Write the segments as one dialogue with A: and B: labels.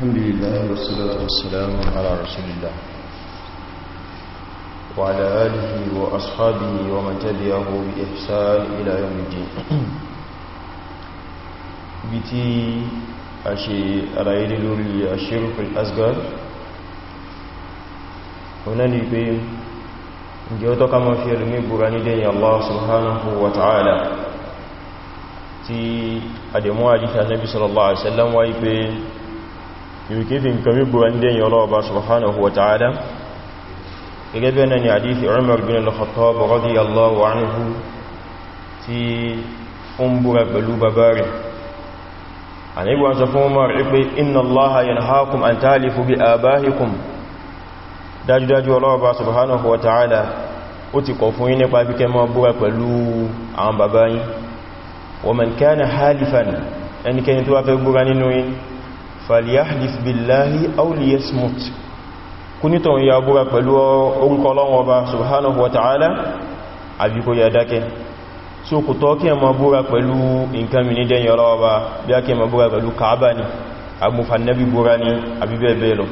A: الحمد لله والصلاة والسلام على رسول الله وعلى آله وأصحابه ومن تبعه بإحسان إلى يوم الدين بتي أشي أرأيلي لوري الشرك الأصغر هنا نبي جوتو كما في علمي براني دين الله سبحانه وتعالى تي أدموا حديث النبي صلى الله عليه وسلم ويبين ìrùkí fi nǹkan mígbò ẹni dẹ́yìn ọlọ́ọ̀bá subhanahu wa ta'ala gẹ́gẹ́ bẹ́ẹ̀ náà ni àdífì Umar bin al-Khattab radiyallahu anhu tí ó ń búra pẹ̀lú bàbá rẹ̀ àníwọ̀n sọ fún Umar pé inna Allaha yanhaakum an talifu bi abahikum dájúdájú ọlọ́ọ̀bá subhanahu wa ta'ala ó ti kọ̀ fún yín nípa kíkẹ́ mọ́ búra pẹ̀lú àwọn bàbá yín wa halifan ẹnikẹ́ni tó wá fẹ́ búra nínú yín falyahlif billahi aw liyasmut kúnítọ̀ ya búra pẹ̀lú orúkọ Ọlọ́run Ọba subhanahu wa ta'ala àbí kó ya dákẹ́ so kò tọ́ kí ẹmọ búra pẹ̀lú nǹkan mi ní dẹ́yìn Ọlọ́run Ọba bí a kí ẹmọ búra pẹ̀lú Kaaba ni agbófannabi búra ni àbí bẹ́ẹ̀ bẹ́ẹ̀ lọ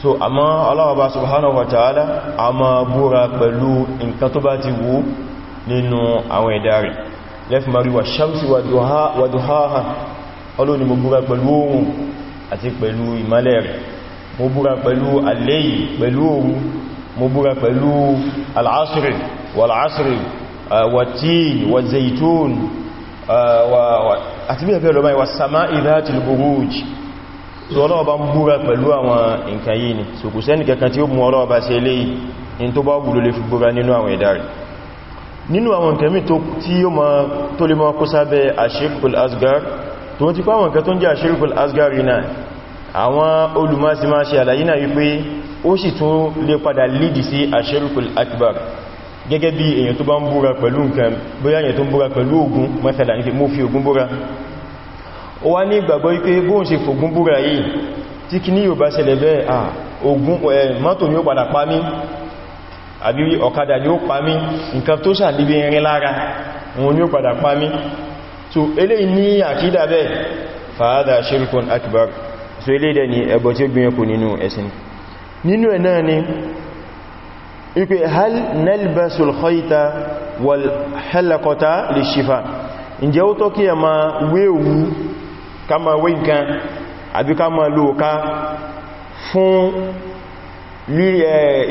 A: so àmọ́ Ọlọ́run Ọba subhanahu wa ta'ala a máa búra pẹ̀lú nǹkan tó ti wù nínú àwọn ẹ̀dá rẹ̀ mari wa shamsi wa duhaha ọlọ́ni mo búra pẹ̀lú ohun àti pẹ̀lú ìmọ́lẹ̀ rẹ̀ mo búra pẹ̀lú aléyìí pẹ̀lú ohun mo búra pẹ̀lú al'asiri wal'asiri eh, watíyìn eh, wa zaitun àti bíẹ̀ pẹ̀lú ọmọ sama ìdátil buruj ọlọ́ọba ń búra pẹ̀lú àwọn nǹkan yìí ni so kò sẹ́ni kankan tí ó ma tó lè mọ́ kó tó ti pàwọn kan tó ń jẹ́ àṣírùkù asgari náà àwọn olùmọ́sí máa ṣe àlàyé náà wípé ó sì tún lè padà lìdì sí àṣírùkù akbar gẹ́gẹ́ bí èyàn tó bá ń búra pẹ̀lú nǹkan bóyá èyàn tó ń búra pẹ̀lú ogun mẹ́fẹ̀lá ní mo fi ogun búra ó wá ní ìgbàgbọ́ wípé bóhùn ṣe fògún búra yìí tí kí ní yóò bá ṣẹlẹ̀ bẹ́ẹ̀ à ogun mọ́tò ni ó padà pa mí àbí ọ̀kadà ni ó pa mí nǹkan tó ṣàlébí irin lára òun ni ó padà pa mí so eléyìí ní àkídà bẹ́ẹ̀ fàádà shirkun akbar so eléyìí dẹ̀ ni ẹbọ tí ó gbìyànkù nínú ẹ̀sìn nínú ẹ̀ náà ni ipe hal nalbasul khayta wal halakota lè ṣífà ǹjẹ́ ó tọ́ kí ẹ ma wéwu ká ma wé nǹkan àbí ká ma lò ká fún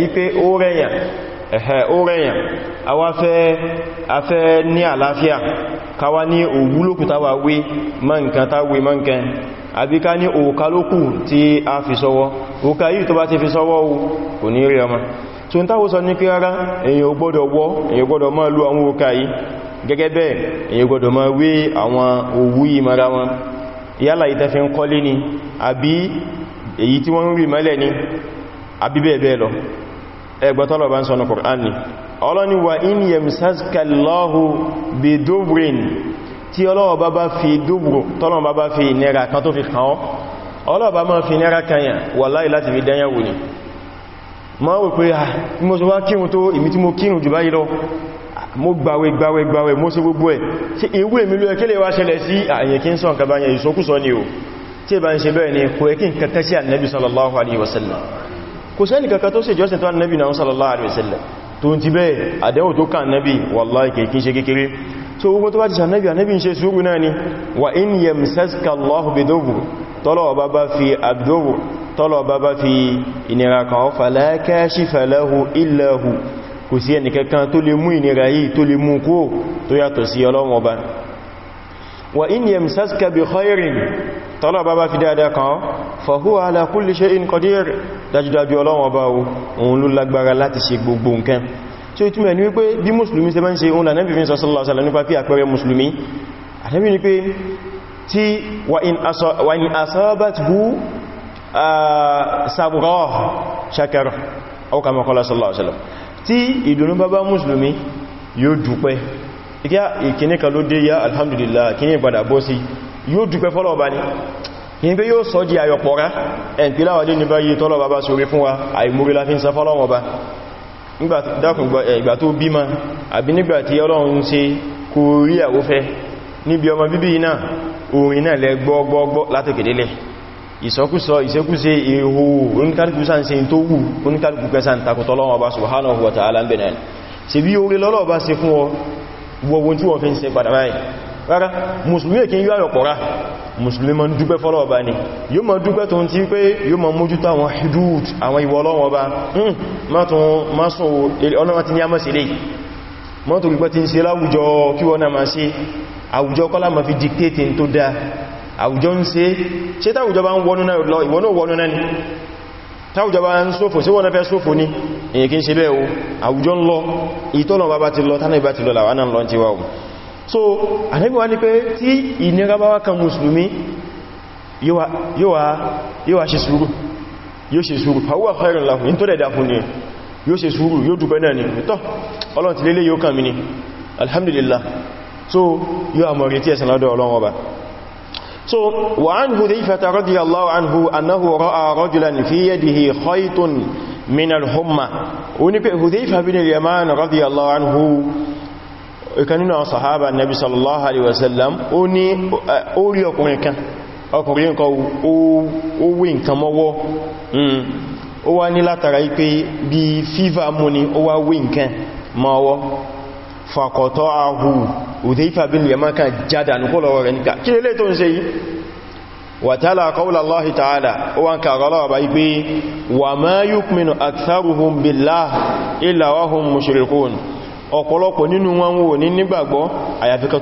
A: ipe ó rẹ̀yàn ẹ̀hẹ̀ ó rẹ̀yàn awá fẹ́ ní àlàáfíà káwá ní òwúlòkù táwà wé mọ́ nǹkan táwé mọ́ nǹkan àbí ká ní òkà lókù tí a fi sọwọ́ òkà yìí tó bá ti fi sọwọ́ kò ní rí ọmọ tí ó ń táwọ́ sọ ní kí rárá èyàn gbọ́dọ̀ wọ́ èyàn gbọ́dọ̀ máa lú àwọn òkà yìí gẹ́gẹ́ bẹ́ẹ̀ èyàn gbọ́dọ̀ máa wé àwọn òwú yìí mara wọn yálà ìtẹ́fẹ́ ń kọ́lé ni àbí èyí tí wọ́n ń rí mẹ́lẹ̀ ni àbí bẹ́ẹ̀ bẹ́ẹ̀ lọ ẹgbẹ̀tọ́lọ̀ bá ń sọ ní Kùránì ọlọ́ni wa in yamsaskallahu bi dubrin tí ọlọ́wọ̀ bá bá fi dúbùrù tọ́lọ̀ bá bá fi nẹ́ra kan tó fi kàn ọ́ ọlọ́wọ̀ bá máa fi nẹ́ra kanyà wallahi láti fi dẹ́yàwó ni ma wò pé ah, mo ṣe wá kírun tó èmi tí mo kírun jù báyìí lọ mo gbàwẹ̀ gbàwẹ̀ gbàwẹ̀ mo ṣe gbogbo ẹ̀ tí ewu èmi ló ẹkẹ́lẹ̀ kò sẹ́ni kankan tó ṣe jọ́sìn tó annabi na sallallahu alaihi wasallam tó ń ti bẹ́ẹ̀ àdẹ́wò tó kàn annabi wallahi kìí ṣe kékeré tó gbogbo tó bá ti sànnabi annabi ṣe sùúrù náà ni wa in yamsaska allahu wa in yamsaska bi khairin tọ́lọ̀ bá bá fi dáadáa kan fa huwa ala kulli shay'in qadir dájúdájú ọlọ́wọ́ bá òun ló lágbára láti ṣe gbogbo nǹkan tí ó túnmẹ̀ ní wípé bí musulmi ṣe mẹ́ṣe òun lànà bí fi sallallahu alaihi wasallam nípa fi àpẹẹrẹ musulmi àtẹ́bí ni pé tí wa in asabathu sabra shakara aw kama qala sallallahu alaihi wasallam tí ìdùnnú bá bá musulmi yóò ìkíní kan ló dé yá alhamdulillah kíní ìgbàdà bọ́ sí yóò dúpẹ́ fọ́lọ̀ọ̀bá ni yìí pé yóò sọ di àyọ̀pọ̀rá ẹ̀npíláwàdé ní báyìí tọ́lọ̀bá bá sórí fún wa àìmúrí láfí ń sá fọ́lọ̀ọ̀bá ìgbà tó bímọ àbí nígbà tí ọlọ́run ṣe kò rí àwófẹ́ níbi ọmọ bíbí náà orin náà lẹ gbọ́gbọ́gbọ́ látòkèdélẹ̀ ìsọkúsọ ìsẹkúsẹ ihò oníkálùkù sáǹsẹ tó wù oníkálùkù pẹ́sàn takùtọ́lọ́wọ́ bá subhanahu wa ta'ala ń bẹ̀rẹ̀ sí bí orí lọ́lọ́ bá fún ọ wọ́wọ́n tí wọ́n fi ń ṣe padà báyìí rárá musulmi èkí yíò àyọ̀pọ̀rá musulmi ma ń dúpẹ́ fọ́lọ̀ ọba ni yóò ma dúpẹ́ tó ń tí pé yóò ma mójútó àwọn hudud àwọn ìwọ̀ ọlọ́wọ́ ọba hmm, mátún másùn ọlọ́wọ́ ti ní a mọ́ sí ń ṣe ma ṣe dictate tó dá àwùjọ ń ṣe ṣe táwùjọ bá ń wọnú náà lọ ìwọ̀n náà wọnú náà ni èyàn kí ń ṣe bẹ́ẹ̀ o àwùjọ ń lọ ìtọ́lọ̀ bá bá ti lọ tánà ìbá ti lọ làwọn náà lọ ti wà o so Ànábì wá ní pé tí ìnira bá wá kan mùsùlùmí yóò wá ṣe sùúrù yóò ṣe sùúrù fàwọ́ àfẹ́rìn láhùn ní tó dẹ̀dà fún ni yóò ṣe sùúrù yóò dúpẹ́ náà ni tọ́ Ọlọ́run ti lélé yóò kàn mí ni alhamdulillah so yóò àmọ̀ retí ẹ̀sàn lọ́dọ̀ Ọlọ́run ọba so wa an hudhayfa radiyallahu anhu annahu ra'a rajulan fi yadihi khaytun min al-humma ó ní pé Hudhayfa bin al-Yaman radiyallahu anhu ìkanínú àwọn sahaba nabi sallallahu alaihi wasallam ó ní orí ọkùnrin kan ọkùnrin kan ó wé nǹkan mọ́wọ́ ó wá ní látara ipé bí fífà mú ni ó wá wé nǹkan mọ́wọ́ fàkọ̀tọ́ ahù Hudhayfa bin al-Yaman kan jádà nùkọ́lọ̀wọ́ rẹ̀ níka kí lélé tó ń ṣe yìí wàtàlá kọ́wùlá Allah ta'ala wọn kàrọlọ́ ọba ipé wà máa yúkmínú aktharuhum billah illa wahum ọ̀pọ̀lọpọ̀ nínú wọn wò ní nígbàgbọ́ àyàfi kan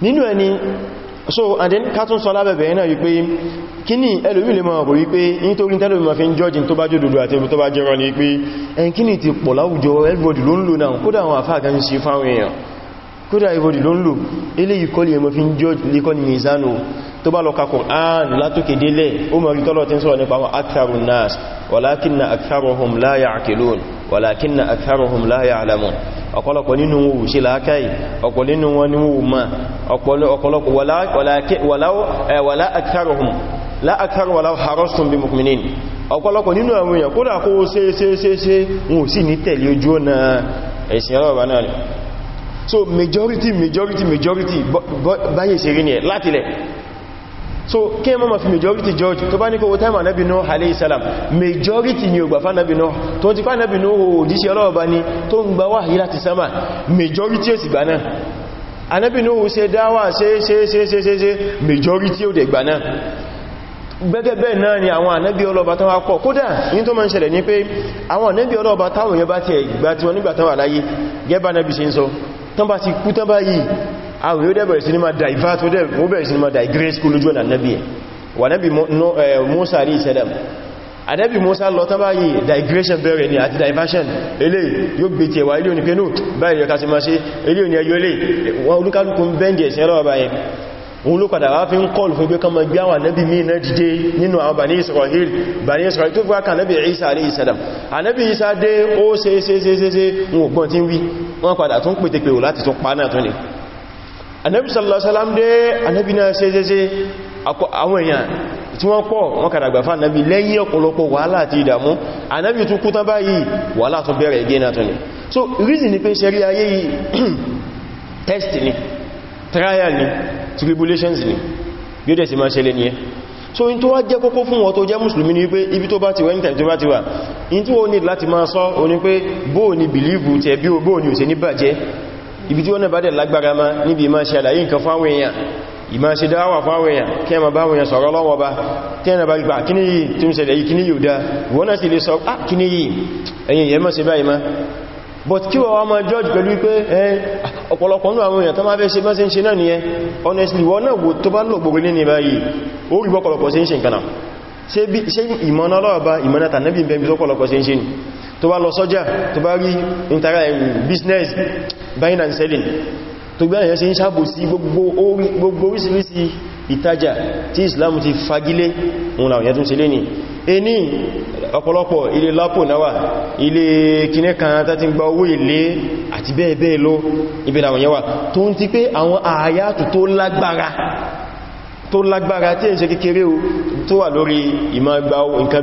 A: nínú ẹni so and then katun sọ lábẹ̀bẹ̀ iná wípé kí ní ẹlòmí lè máa bò wípé yí tó rí tẹ́lòmí ma fi ń jọ́jìn tó bá jò dòdò àti tó bá jẹ́rọ ní wípé ẹn kí ní ti pọ̀ láwùjọ everybody ló ń lò náà kódà àwọn àfáà gan kódà ìwòdì ló ń lò ilé ìkọlì ẹmọ fi ń george likoni mizano tó bá lọ́ka Kùránì látòkè délẹ̀ ó mọ̀ rí tọ́lọ̀ tí ń sọ̀rọ̀ nípa wọn aktharun nas walakinna aktharuhum la ya'qilun ọ̀pọ̀lọpọ̀ nínú àwọn èèyàn kódà kó ṣe ṣe ṣe ṣe wọn sì ní tẹ̀lé ojú ọ̀nà ẹ̀sìn ọlọ́ọ̀bá náà so majority majority majority báyẹ̀ ṣe rí ní ẹ̀ látilẹ̀ so kí ẹmọ́ fi majority george tó bá ní kówó tẹ́mà nábi náà alayhi salam majority ni ògbà fánàbì náà tó ti fánàbì náà òjíṣẹ́ ọlọ́ọ̀bá ni tó ń gba wáhí láti sámà majority ò sì gbà náà anábì náà ṣe dáwà ṣe ṣe ṣe majority ò dẹ̀ gbà náà gẹ́gẹ́ bẹ́ẹ̀ náà ni àwọn ànábí ọlọ́ba tán wá pọ̀ kódà ní tó máa ń ṣẹlẹ̀ ní pé àwọn ànábí ọlọ́ba táwọn yẹn bá ti ẹ̀gbà tí wọ́n nígbà tán wà láyé gẹ́bà náà bí ṣe ń sọ tán bá ti kú tán bá yìí àwọn yóò dẹ̀bẹ̀rẹ̀ sí ní ma divert wọ́n bẹ̀rẹ̀ sí ní ma digress kú lójú ọ̀nà nẹ́bí ẹ̀ wà nẹ́bí Musa rí ìṣẹ́dẹ̀m àdẹ́bí Musa lọ tán bá yìí digression bẹ̀rẹ̀ ni àti diversion elé yóò gbé ti ẹ̀wà ilé òní pé nù báyìí ẹ̀ka sí ma ṣe elé òní òun ló padà wá fi ń kọlù fún ibi kan ma gbé àwọn ànábì mí náà dìde nínú àwọn bani israel bani israel tó fúwá kan ànábì isa alayhi salam ànábì isa dé ó ṣe ṣe ṣe ṣe ṣe wọn ògbọ́n tí ń wí wọ́n padà tún pètèpè láti tún pa náà tún ní ànábì sallallahu alaihi wasallam dé ànábì náà ṣe ṣe ṣe àwọn èèyàn tí wọ́n pọ̀ wọ́n kàdà gbà fún ànábì lẹ́yìn ọ̀pọ̀lọpọ̀ wàhálà àti ìdàmú ànábì tún kú tán báyìí wàhálà tún bẹ̀rẹ̀ ìgé náà tún ní so reason ni pé ṣe rí ayé yìí test ni trial ni tribulations ni bí ó dẹ̀ sí máa ṣẹlẹ̀ ní ẹ so in tó wá jẹ́ kókó fún wọn tó jẹ́ mùsùlùmí ni pé ibi tó bá ti wà anytime tó bá ti wà in tí wọ́n ní láti máa sọ o ní pé bóò ni bìlíìfù tẹ bí o bóò ni ò ṣe ní bàjẹ́ ibi tí wọ́n náà bá dẹ̀ lágbára ma níbi máa ṣe àlàyé nǹkan fáwọn èèyàn ìmá ṣe dáwà fáwọn èèyàn kí ẹmà báwọn èèyàn sọ̀rọ̀ lọ́wọ́ bá kí ẹnà bá gbà kí but kí wọ́n wá máa judge pẹ̀lú pé ẹn ọ̀pọ̀lọpọ̀ ní àwọn èèyàn tó máa fẹ́ ṣe mẹ́sí ṣe náà nìyẹn honestly wọ́n náà wò tó bá lò gbogbo ní báyìí ó rí bọ́kọ̀lọpọ̀ sí ń ṣe nǹkan náà ṣe ìmọ̀nà ọlọ́ọ̀bá business buying and selling tó gbẹ́yàn ṣe ń ṣàbòsí gbogbo orísìírísìí ìtajà tí islam ti fagilé òun àwọn ìyàtún sílé ní ẹni ọ̀pọ̀lọpọ̀ ilé lápò náwà ilé kìnnẹ́ kan tàti gba owó ilé àti bẹ́ẹ̀ bẹ́ẹ̀ lọ ibẹ̀ àwọn yẹwà tó ń ti pé àwọn àyàtù tó lágbára tó lágbára tí ẹ̀ṣẹ́ kékeré tó wà lórí ìmá gba nǹkan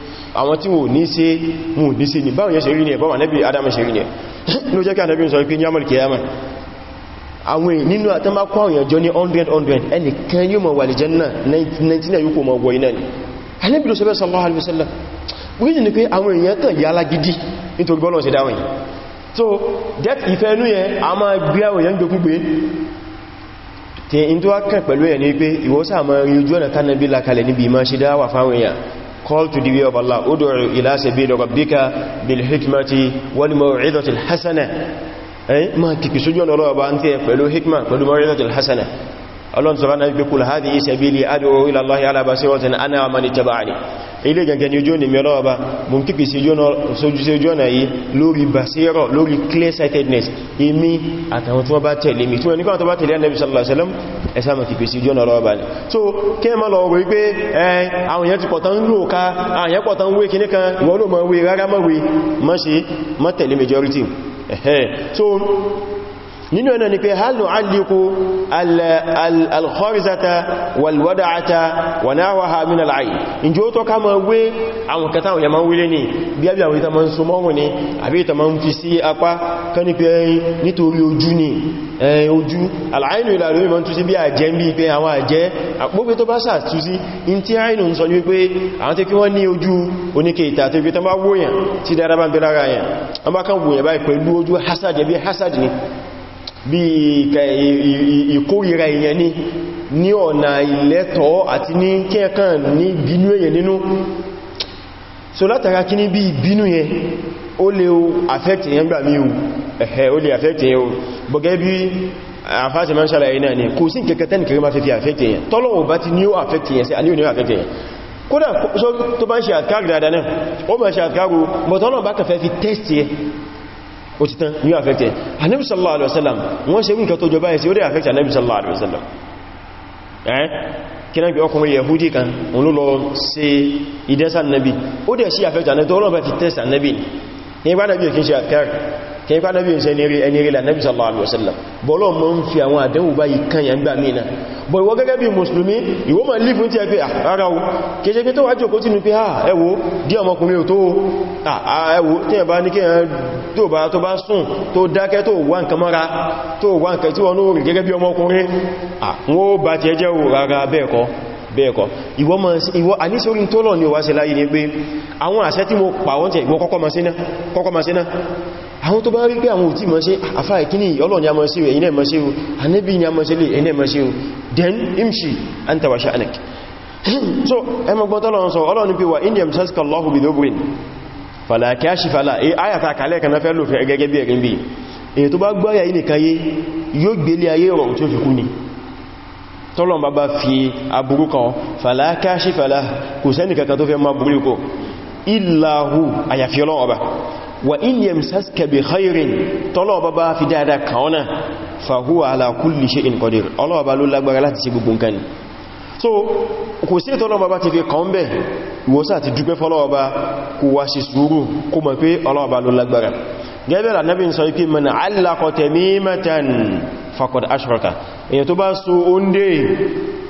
A: àwọn tí wọ́n ní ṣe mú ní ṣe ní báwọn yẹn ṣe rí ní ẹ̀bọ́wà nẹ́bí adama ṣe rí ní ẹ̀ ló jẹ́ kí ànẹ́bí sọ pé ní àmàlì kìyàmà àwọn nínú àtẹ́mà kọ́ àwọn ìyànjọ́ alaihi wasallam wíjì ni pé àwọn èèyàn kàn yá alágídí nítorí so that ìfẹ́ inú yẹn a máa gbé àwọn èèyàn gbogbo gbé tí in tó wá kàn pẹ̀lú ẹ̀ ní pé ìwọ́sà máa rí ojú ọ̀nà tánàbí lakalẹ̀ níbi ìmá ṣe dáwà fáwọn èèyàn call to the way of Allah ud'u ila sabili rabbika bil hikmati wal maw'izati al hasana eh ma kiki sojo lo lo ba nti pẹ̀lú hikma pẹ̀lú maw'izati al hasana Allah subhanahu wa ta'ala hadhihi sabili ad'u ila Allah ala basiratin ana wa man ittaba'ani ile gangan yojo ni mi lo ba mo kiki sojo no soju sojo na yi lórí basira lórí clear sightedness èmi àtàwọn tí wọ́n bá mi tí wọ́n ní kan tó bá tẹ̀lé sallallahu alaihi wasallam ẹsàmà kìí pèsè ìjọ́nà ọ̀rọ̀ ọba so kí ẹ ma lọ wé pé ẹn àwọn èèyàn ti pọ̀tán ń lò ká àyẹ́ pọ̀tán wé kìí kan ìwọ́n ló mọ̀ wé rárá mọ̀ wé mọ́ sí mọ́ tẹ̀lé majority so nínú ẹ̀nà ni pé hálù alìkú alkhorizata walwada'ata wà náà wà hàmín al'ayi in jí ó tọ́ ká ma wé àwọn kẹta òyà ma wílé ní bí i àwọn ìtàmà ń so mọ́rún ní àbí ìtàmà ń fi sí apá kan ní pé ẹyin nítorí ojú ní ojú al'ainu ìlàrí ma ń tú sí bí àjẹ́ ń bí pé àwọn àjẹ́ àpógbé bí ìkórira èèyàn ní ní ọ̀nà ìlẹ́tọ̀ àti ní kẹ́ẹ̀kan ní bínú èèyàn nínú so látara kí ní bí ìbínú yẹn ó lè o affect èèyàn gbà mí o ẹ̀hẹ̀ ó lè affect èèyàn o bọ̀gẹ́ bí àfáàtì máa ń ṣàlàyé náà ni kò sí kẹ́kẹ́ tẹ́nìkẹ́rẹ́ máa fi fi affect èèyàn tọ́lọ̀wọ̀ bá ti ó ti tán yóò affect ẹ̀ Ànábì sallallahu alaihi wasallam wọ́n ṣe nǹkan tó jọ báyìí sí ó dẹ̀ affect Ànábì sallallahu alaihi wasallam ẹ́ kí náà bí ọkùnrin Yahudi kan òun ló lọ ṣe ìdẹ́sà Ànábì ó dẹ̀ sí affect Ànábì tó Ọlọ́run bá fi test Ànábì ní ipá Ànábì kí ń ṣe afẹ́ kí ipá Ànábì bọ̀ ìwọ gẹ́gẹ́ bí mùsùlùmí ìwọ ma lífún tí ẹ pé ara o kéṣe pé tó wájú òkú tínú pé ẹ wò dí ọmọkùnrin ò tó ẹ wò tí ẹ bá ní kí ẹ tó bá tó bá sùn tó dákẹ́ tó wà nǹkan mọ́ra tó wà nǹkan tí wọ́n ó rí gẹ́gẹ́ bí ọmọkùnrin àwọn mo pàwọ́n tẹ̀ ìwọ kọ́kọ́ ma àwọn tó bá rí pé àwọn òtí mọ́ sí àfá ìkíní ọlọ́ni a mọ́ sí ẹ̀yìn náà mọ́ sí anẹ́bí ni a mọ́ sí lè ẹ̀yìn náà mọ́ sí then imshi anta wa sha'anak so ẹmọ gbọ́tọ́ lọ sọ ọlọ́ni india msaska allahu bi fala kashifa la e aya ta kalẹ̀ kan fẹ́ lò fẹ́ gẹ́gẹ́ bí ya yìí nìkan yé yóò gbélé ayé rọ̀ tó fi kú tọ́lọ̀n bá fi aburú kan fala kashifa la kò sẹ́nìkankan tó fẹ́ máa burú kọ ìlàhù àyàfi ọlọ́run wa in yamsaska bi khairin tọ́lọ̀ bá bá fi dáadáa kàọ́nà fa huwa ala kulli shay'in qadir ọlọ́wọ́ bá ló lágbára láti ṣe gbogbo nǹkan ni so kò sí tọ́lọ̀ bá bá ti fi kàn bẹ̀ ìwọ́sá ti dúpẹ́ fọ́lọ́wọ́ bá kò wá ṣe sùúrù kó mọ̀ pé ọlọ́wọ́ bá ló lágbára gẹ́gẹ́ la nabi sọ pé man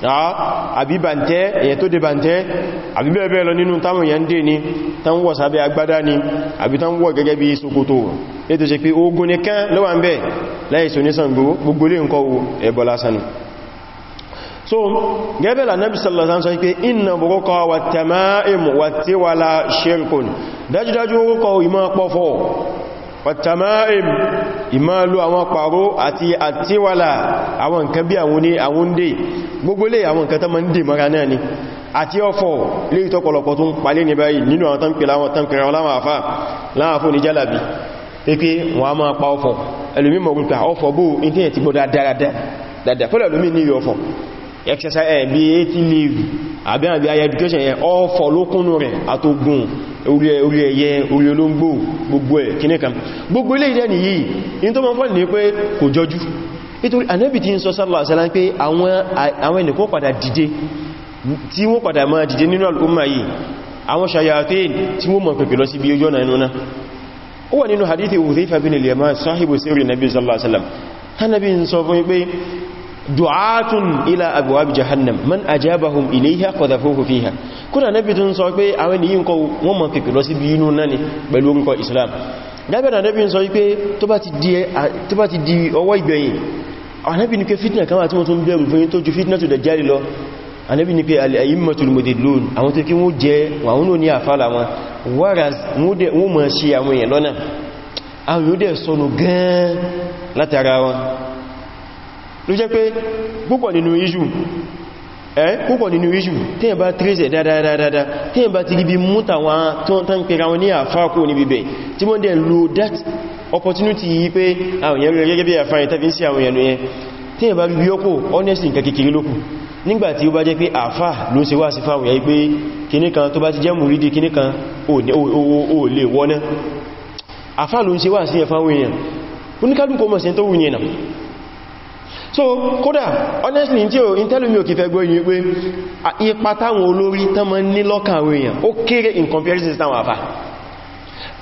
A: àbí bàntẹ́ èyẹ tó dé bàntẹ́ àbí bẹ́ẹ̀ bẹ́ẹ̀ lọ nínú táwọn èyàn dé ni tán wọ̀ sábẹ́ agbádá ni àbí tán wọ̀ gẹ́gẹ́ bí ṣòkòtò ètò ṣe pé ogun nìkan ló ń bẹ̀ láìsò so gẹ́bẹ̀ lànàbí sallallahu alaihi wasallam pé inna burúkọ wà tàmáìm wà tí wà lá ṣe ìmáàlú àwọn pàró àti àtíwàlà àwọn nǹkan bí àwọn ní àwọn dè gbogbo lè àwọn nǹkan tó ma ń dè mara náà ni àti ọ̀fọ̀ lè tọ́pọ̀lọpọ̀ tó ń palé ní báyìí nínú àwọn tán pèlà àwọn tán pèlà láwọn àfá láwọn fún ní jálàbí pépé wọn a máa pa ọ̀fọ̀ ẹlòmí mọ̀rúta ọ̀fọ̀ exercise ẹ̀ eh, bí i tí leave àbí àbí ayẹ education ẹ̀ ọ́fọ̀ lókúnnù rẹ̀ àtogun orí ẹ̀yẹ orí olóngbò gbogbo ẹ̀ kìíní kan gbogbo ilé ìdẹ́ nìyí in tó mọ́ fọ́n ní pé kò jọjú nítorí Ànábì tí ń sọ sallallahu alaihi wasallam pé àwọn ẹnìkan padà dìde tí wọ́n padà máa dìde nínú al'umma yìí àwọn shayatin tí wọ́n mọ̀ pẹ̀pẹ̀ lọ sí bí ojú ọ̀nà inú náà ó wà nínú du'atun ila abwab jahannam man ajabahum ilayha qadhafuhu fiha kuna nabi tún sọ pé àwọn ni yin ko wọ́n ma pipe lọ sí bi inú na ni pẹ̀lú nko islam nabi na nabi sọ pé tó bá ti di tó bá ti di ọwọ́ ìgbẹ̀yìn anabi ní pé fitna kan wà tí wọ́n tún bẹ̀rù fún yín tó ju fitna tó dajjal lọ anabi ní pé al aimmatul mudillun àwọn tó kí wọ́n jẹ́ wa wọ́n ní afala wọn waras wọ́n de ma ṣì àwọn yẹn lọ́nà àwọn yo de sọnù gan latara wọn ló jẹ́ pé púpọ̀ nínú iṣu ẹ́ púpọ̀ nínú iṣu tí ẹ bá trace dáadáa tí ẹ bá ti rí bí múta wọn tó tán pẹ̀rẹ̀ wọn ní àfáàkó ní bíbẹ̀ tí wọ́n dẹ̀ lo that opportunity yí pé àwọn èèyàn rẹ̀ gẹ́gẹ́ bí àfáàyàn tàbí sí àwọn èèyàn yẹn tí ẹ bá rí yọ́kò honestly nǹkan kékeré lókù nígbàtí ó bá jẹ́ pé àfà ló ṣe wá sí fáwọn èèyàn pé kìníkan tó bá ti jẹ́ múrídì kìníkan ò ọmọ sí tó wù so kódà honestly tí o intellomi ò kí fẹ́ gbọ́ yìí pé ipa táwọn olórí tán mọ́ ní lọ́kàn àwọn èèyàn ó kéré in comparison táwọn àfà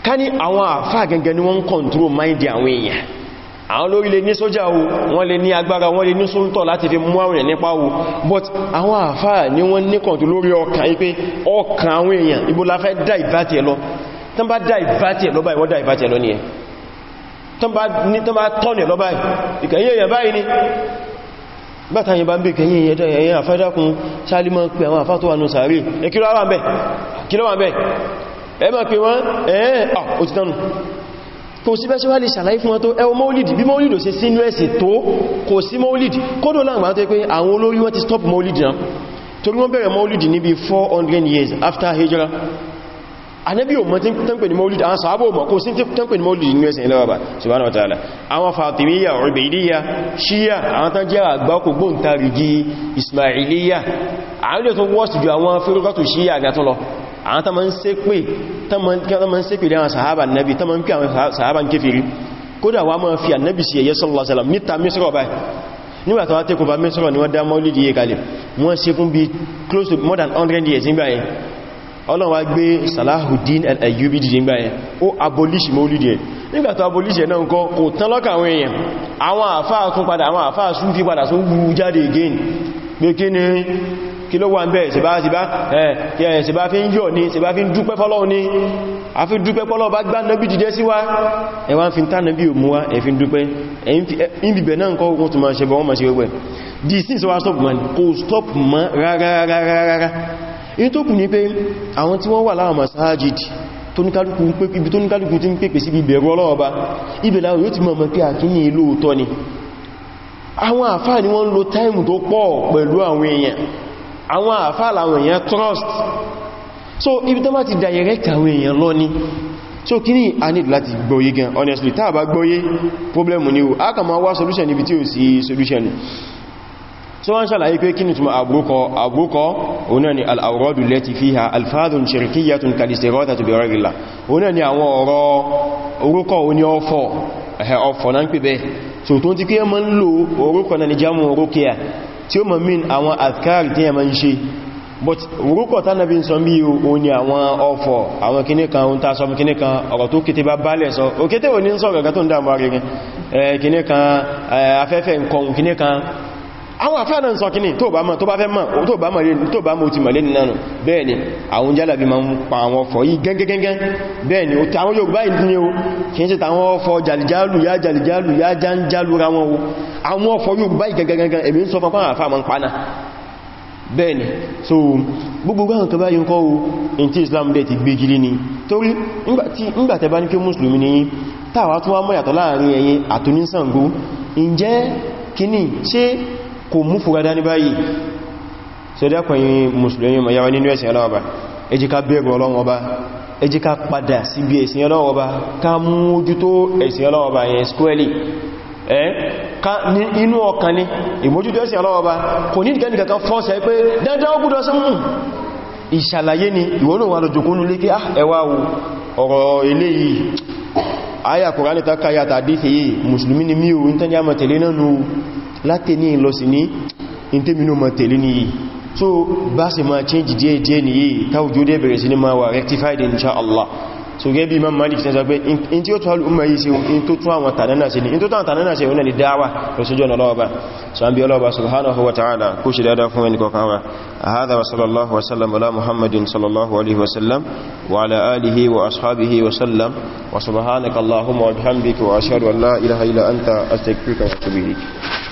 A: ká ní àwọn àfà gẹ́gẹ́ ni wọ́n ń control mind àwọn èèyàn àwọn olórí lè ní sójà o wọ́n lè ní agbára wọ́n lè ní sóntọ̀ láti fi mú àwọn èèyàn nípa o but àwọn àfà ni wọ́n ní control lórí ọkàn yí pé ọkàn àwọn èèyàn ibo la fẹ́ dá ìbátẹ̀ lọ tán bá dá ìbátẹ̀ lọ báyìí wọ́n dá ìbátẹ̀ lọ ní ẹ̀ tán bá tọ́nì lọ báyìí ìkẹyẹ yẹ báyìí ni báta yìnbá ń bí kẹyẹ ẹjọ́ ẹ̀yẹ àfẹ́dákun sálímọ́ pé àwọn àfá tó wà ní sàárè ẹkílọ́wà bẹ̀ ẹmọ́ pé wọ́n ẹ̀ẹ́ òtítọ́nù kò sí bẹ́ṣẹ́ wá lè ṣàlàyé fún wọn tó ẹwọ mọ́lìdì bí mọ́lìdì ò sí sínú ẹ̀sìn tó kò sí mọ́lìdì kódò láàrín àwọn tó pé àwọn olórí wọ́n ti stop mọ́lìdì náà torí wọ́n bẹ̀rẹ̀ mọ́lìdì níbi 400 years after hijra anẹ́bí o mọ̀ tí tán pè ní maulid àwọn sàábò mọ̀ kó sí tán pè ní maulid inú ẹsẹ̀ ìlọ́wà bá subhanahu wa ta'ala àwọn fatimiyya ubaidiyya shia àwọn tán jẹ́ àgbákò gbóǹtarìgì ismailiyya àwọn ilẹ̀ tó wọ́st ju àwọn firqatu shia àgátọ́ lọ àwọn tán ma ń ṣépè lé àwọn sàhábà nẹ́bí tán ma ń pè àwọn sàhábà ń kéfèrí kódà wà máa fi ànẹ́bì sí ẹ̀yẹ́ sallallahu alaihi wasallam níta mísírọ̀ báyìí nígbàtà wá tẹ́kùn bá mísírọ̀ ni wọ́n dá maulid yìí kalẹ̀ wọ́n ṣe fún bí close to more than 100 years nígbà yẹn ọlọ́run wá gbé Salahuddin al-Ayyubi dìde ó abolish maulidi ẹ̀ nígbà tó abolish ẹ̀ náà nǹkan kò tán lọ́kàn àwọn èèyàn àwọn àfáà tún padà àwọn àfáà Sufi padà sún gbú jáde again pé kí ni kí ló wà ń bẹ̀ ṣìbá fi ń yọ̀ ní ṣìbá fi ń dúpẹ́ fọ́lọ́ ní a fi dúpẹ́ pọ́lọ́ bá gbá nẹ́bí dìde sí wá ẹwà ń fi tánà in tó kù ní pé àwọn tí wọ́n wà láwọn masajid ibi tó ní kálùkù tí ń pèpè sí ibẹ̀rù ọlọ́ọba ibẹ̀ láwọn yóò ti mọ̀ pé àkíní ìlú òótọ́ ni àwọn àfáà ni wọ́n lo táìmù tó pọ̀ pẹ̀lú àwọn èèyàn àwọn àfáà trust so ibi tó bá ti so kí ní a need honestly tá a bá gbọ́yé problem solution níbi solution tí wọ́n ṣàlàyé pé kí ni túnmọ̀ àbúkọ àbúkọ oná ni al'aurọ́dù lẹ́ti fi ha alfáàdùn ṣirkiyyatun kalisterota tó bẹ̀rẹ̀ rìlá oná ni àwọn ọ̀rọ̀ orúkọ oní ọfọ̀ ọfọ̀ na ń pè bẹ́ so tó ti kí ẹ ma ń lo orúkọ na ni jamu orúkíà tí ó ma min àwọn àtkárì tí ẹ ma ń ṣe but orúkọ tánàbí sọ bí o ní àwọn ọfọ̀ àwọn kíní kan ohun tásọ kíní kan ọ̀rọ̀ tó kété bá bálẹ̀ sọ òkété ò ní sọ gẹ̀gẹ́ tó ń dámọ́ rẹ̀ kíní afẹ́fẹ́ nǹkan kíní àwọn àfáà náà sọ to tó bá mọ̀ tó bá fẹ́ mọ̀ tó bá mọ̀ tó bá mọ̀ ti mọ̀lé nínú bẹ́ẹ̀ ni àwọn jálàbí ma ń pa àwọn ọ̀fọ̀ yìí gẹ́gẹ́gẹ́gẹ́ bẹ́ẹ̀ ni àwọn Yorùbá ní o kìí ṣe tàwọn ọ̀fọ̀ jàlìjálù yá jàlìjálù yá jàǹjálù ra wọn o àwọn ọ̀fọ̀ Yorùbá yìí gẹ́gẹ́gẹ́gẹ́ èmi ń sọ fún àwọn bẹ́ẹ̀ni so gbogbo àwọn kan báyìí ń kọ́ Islam kí kò mú fura dání báyìí so dákùnrin musulmi ma yawa nínú ẹ̀sìn ọlọ́wọ́ ba ẹ jẹ́ ká bẹ̀rù ọlọ́wọ́ ba ẹ jẹ́ ká padà síbi ẹ̀sìn ọlọ́wọ́ ba ká mójútó ẹ̀sìn ọlọ́wọ́ yẹn squarely inú ọkàn ni ìmójútó ẹ̀sìn ọlọ́wọ́ ba kò ní ìgẹ́nì kankan fọ́ọ̀sẹ̀ pé dandan ọgbùdọ̀ sí mú ìṣàlàyé ni ìwọ́nà wà lójòkónú lé kí ah, ẹwà ọ̀rọ̀ eléyìí ni mí o ń tẹ́jà mọ̀tẹ̀lé láti ní ìlọsì ní ìtẹ́mínú ma tẹ̀lé ní yìí so bá sì máa change díẹ̀ díẹ̀ ní yìí táwùjú dẹ̀ bẹ̀rẹ̀ sí ní ma wà rectified inṣáàlá so gẹ́bí imam malik sẹ́sọ pé in tí ó tún al'umma yìí sí in tó tún àwọn tànánà sí ní in tó tún àwọn tànánà sí wọ́n ni dáwà so an bí ọlọ́wọ́ wa ta'ala kó ṣe dáadáa wa sallallahu wa sallam ala muhammadin sallallahu alaihi wa wa ala alihi wa ashabihi wa wa subhanaka allahumma wa wa ashhadu an la ilaha illa anta astaghfiruka wa atubu ilayk